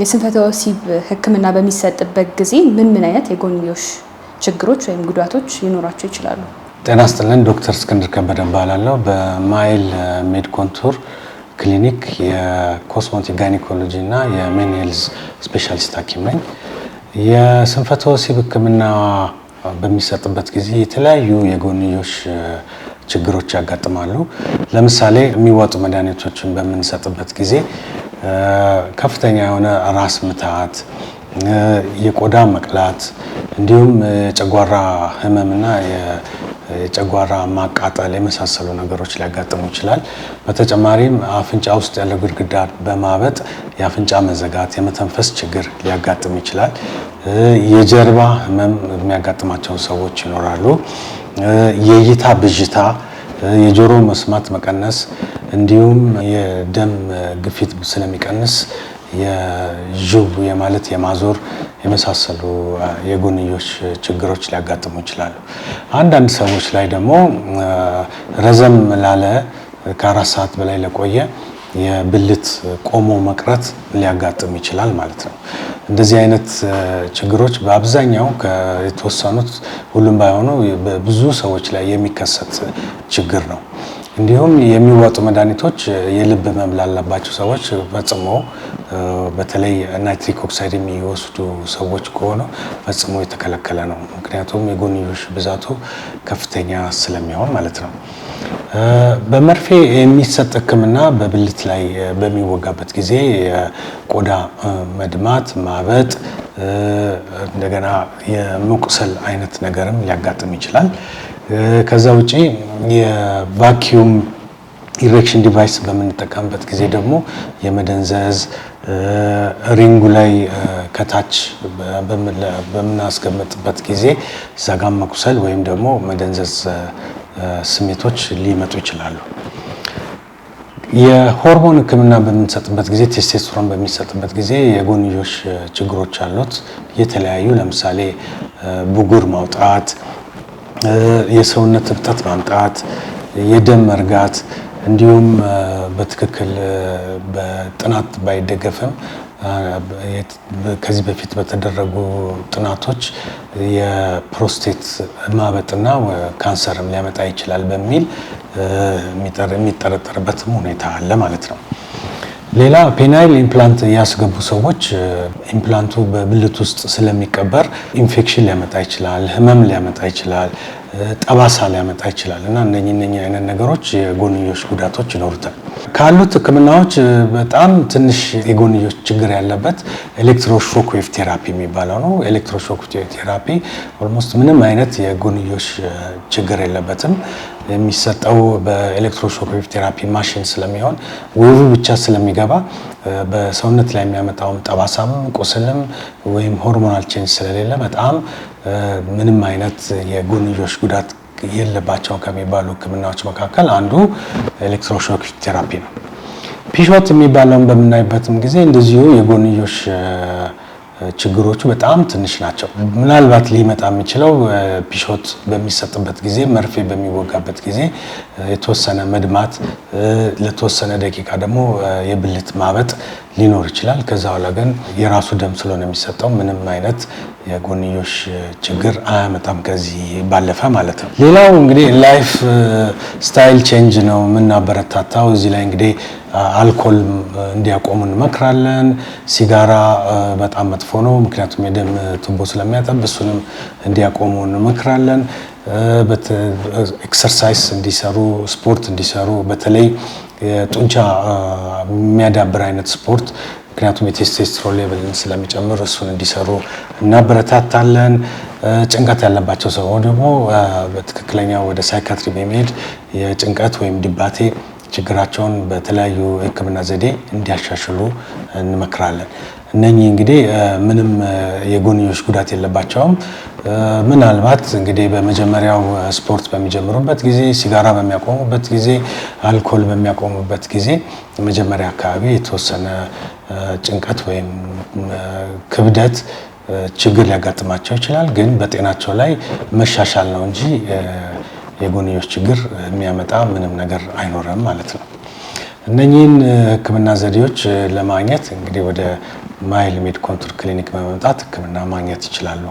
የስንፈተ ወሲብ ህክምና በሚሰጥበት ጊዜ ምን ምን አይነት የጎንዮሽ ችግሮች ወይም ጉዳቶች ሊኖራቸው ይችላሉ? ጤና ይስጥልን። ዶክተር እስክንድር ከበደ እባላለሁ። በማይል ሜድ ኮንቱር ክሊኒክ የኮስሞቲክ ጋይኒኮሎጂ እና የሜን ሄልዝ ስፔሻሊስት ሐኪም ነኝ። የስንፈተ ወሲብ ህክምና በሚሰጥበት ጊዜ የተለያዩ የጎንዮሽ ችግሮች ያጋጥማሉ። ለምሳሌ የሚዋጡ መድኃኒቶችን በምንሰጥበት ጊዜ ከፍተኛ የሆነ ራስ ምታት፣ የቆዳ መቅላት እንዲሁም የጨጓራ ህመምና የጨጓራ ማቃጠል የመሳሰሉ ነገሮች ሊያጋጥሙ ይችላል። በተጨማሪም አፍንጫ ውስጥ ያለው ግድግዳ በማበጥ የአፍንጫ መዘጋት፣ የመተንፈስ ችግር ሊያጋጥም ይችላል። የጀርባ ህመም የሚያጋጥማቸው ሰዎች ይኖራሉ። የእይታ ብዥታ የጆሮ መስማት መቀነስ እንዲሁም የደም ግፊት ስለሚቀንስ የዥቡ የማለት የማዞር የመሳሰሉ የጎንዮሽ ችግሮች ሊያጋጥሙ ይችላሉ። አንዳንድ ሰዎች ላይ ደግሞ ረዘም ላለ ከአራት ሰዓት በላይ ለቆየ የብልት ቆሞ መቅረት ሊያጋጥም ይችላል ማለት ነው። እንደዚህ አይነት ችግሮች በአብዛኛው የተወሰኑት ሁሉም ባይሆኑ በብዙ ሰዎች ላይ የሚከሰት ችግር ነው። እንዲሁም የሚዋጡ መድኃኒቶች የልብ ህመም ላለባቸው ሰዎች ፈጽሞ በተለይ ናይትሪክ ኦክሳይድ የሚወስዱ ሰዎች ከሆነ ፈጽሞ የተከለከለ ነው። ምክንያቱም የጎንዮሽ ብዛቱ ከፍተኛ ስለሚሆን ማለት ነው። በመርፌ የሚሰጥ ህክምና በብልት ላይ በሚወጋበት ጊዜ የቆዳ መድማት፣ ማበጥ፣ እንደገና የመቁሰል አይነት ነገርም ሊያጋጥም ይችላል። ከዛ ውጪ የቫኪዩም ኢሬክሽን ዲቫይስ በምንጠቀምበት ጊዜ ደግሞ የመደንዘዝ ሪንጉ ላይ ከታች በምናስቀምጥበት ጊዜ እዛ መኩሰል መቁሰል ወይም ደግሞ መደንዘዝ ስሜቶች ሊመጡ ይችላሉ። የሆርሞን ሕክምና በምንሰጥበት ጊዜ ቴስቴስትሮን በሚሰጥበት ጊዜ የጎንዮሽ ችግሮች አሉት። የተለያዩ ለምሳሌ ብጉር ማውጣት የሰውነት እብጠት ማምጣት፣ የደም መርጋት እንዲሁም በትክክል በጥናት ባይደገፍም ከዚህ በፊት በተደረጉ ጥናቶች የፕሮስቴት ማበጥና ካንሰርም ሊያመጣ ይችላል በሚል የሚጠረጠርበትም ሁኔታ አለ ማለት ነው። ሌላ ፔናይል ኢምፕላንት ያስገቡ ሰዎች ኢምፕላንቱ በብልት ውስጥ ስለሚቀበር ኢንፌክሽን ሊያመጣ ይችላል፣ ህመም ሊያመጣ ይችላል፣ ጠባሳ ሊያመጣ ይችላል እና እነ እነ አይነት ነገሮች የጎንዮሽ ጉዳቶች ይኖሩታል። ካሉት ህክምናዎች በጣም ትንሽ የጎንዮሽ ችግር ያለበት ኤሌክትሮሾክ ዌቭ ቴራፒ የሚባለው ነው። ኤሌክትሮሾክ ቴራፒ ኦልሞስት ምንም አይነት የጎንዮሽ ችግር የለበትም። የሚሰጠው በኤሌክትሮሾክ ቴራፒ ማሽን ስለሚሆን ዌቡ ብቻ ስለሚገባ በሰውነት ላይ የሚያመጣውም ጠባሳም ቁስልም ወይም ሆርሞናል ቼንጅ ስለሌለ በጣም ምንም አይነት የጎንዮሽ ጉዳት የለባቸው ከሚባሉ ሕክምናዎች መካከል አንዱ ኤሌክትሮሾክ ቴራፒ ነው። ፒሾት የሚባለውን በምናይበትም ጊዜ እንደዚሁ የጎንዮሽ ችግሮቹ በጣም ትንሽ ናቸው። ምናልባት ሊመጣ የሚችለው ፒሾት በሚሰጥበት ጊዜ መርፌ በሚወጋበት ጊዜ የተወሰነ መድማት፣ ለተወሰነ ደቂቃ ደግሞ የብልት ማበጥ ሊኖር ይችላል። ከዛ በኋላ ግን የራሱ ደም ስለሆነ የሚሰጠው ምንም አይነት የጎንዮሽ ችግር አያመጣም ከዚህ ባለፈ ማለት ነው። ሌላው እንግዲህ ላይፍ ስታይል ቼንጅ ነው የምናበረታታው። እዚህ ላይ እንግዲህ አልኮል እንዲያቆሙ እንመክራለን። ሲጋራ በጣም መጥፎ ነው፣ ምክንያቱም የደም ቱቦ ስለሚያጠብ እሱንም እንዲያቆሙ እንመክራለን። ኤክሰርሳይስ እንዲሰሩ፣ ስፖርት እንዲሰሩ በተለይ የጡንቻ የሚያዳብር አይነት ስፖርት ምክንያቱም የቴስቴስትሮን ሌቭልን ስለሚጨምር እሱን እንዲሰሩ እናበረታታለን። ጭንቀት ያለባቸው ሰው ደግሞ በትክክለኛ ወደ ሳይካትሪ በመሄድ የጭንቀት ወይም ድባቴ ችግራቸውን በተለያዩ የህክምና ዘዴ እንዲያሻሽሉ እንመክራለን። እነኚህ እንግዲህ ምንም የጎንዮሽ ጉዳት የለባቸውም። ምናልባት እንግዲህ በመጀመሪያው ስፖርት በሚጀምሩበት ጊዜ፣ ሲጋራ በሚያቆሙበት ጊዜ፣ አልኮል በሚያቆሙበት ጊዜ መጀመሪያ አካባቢ የተወሰነ ጭንቀት ወይም ክብደት ችግር ሊያጋጥማቸው ይችላል። ግን በጤናቸው ላይ መሻሻል ነው እንጂ የጎንዮሽ ችግር የሚያመጣ ምንም ነገር አይኖርም ማለት ነው። እነኚህን ህክምና ዘዴዎች ለማግኘት እንግዲህ ወደ ማይል ሜድ ኮንቱር ክሊኒክ በመምጣት ህክምና ማግኘት ይችላሉ።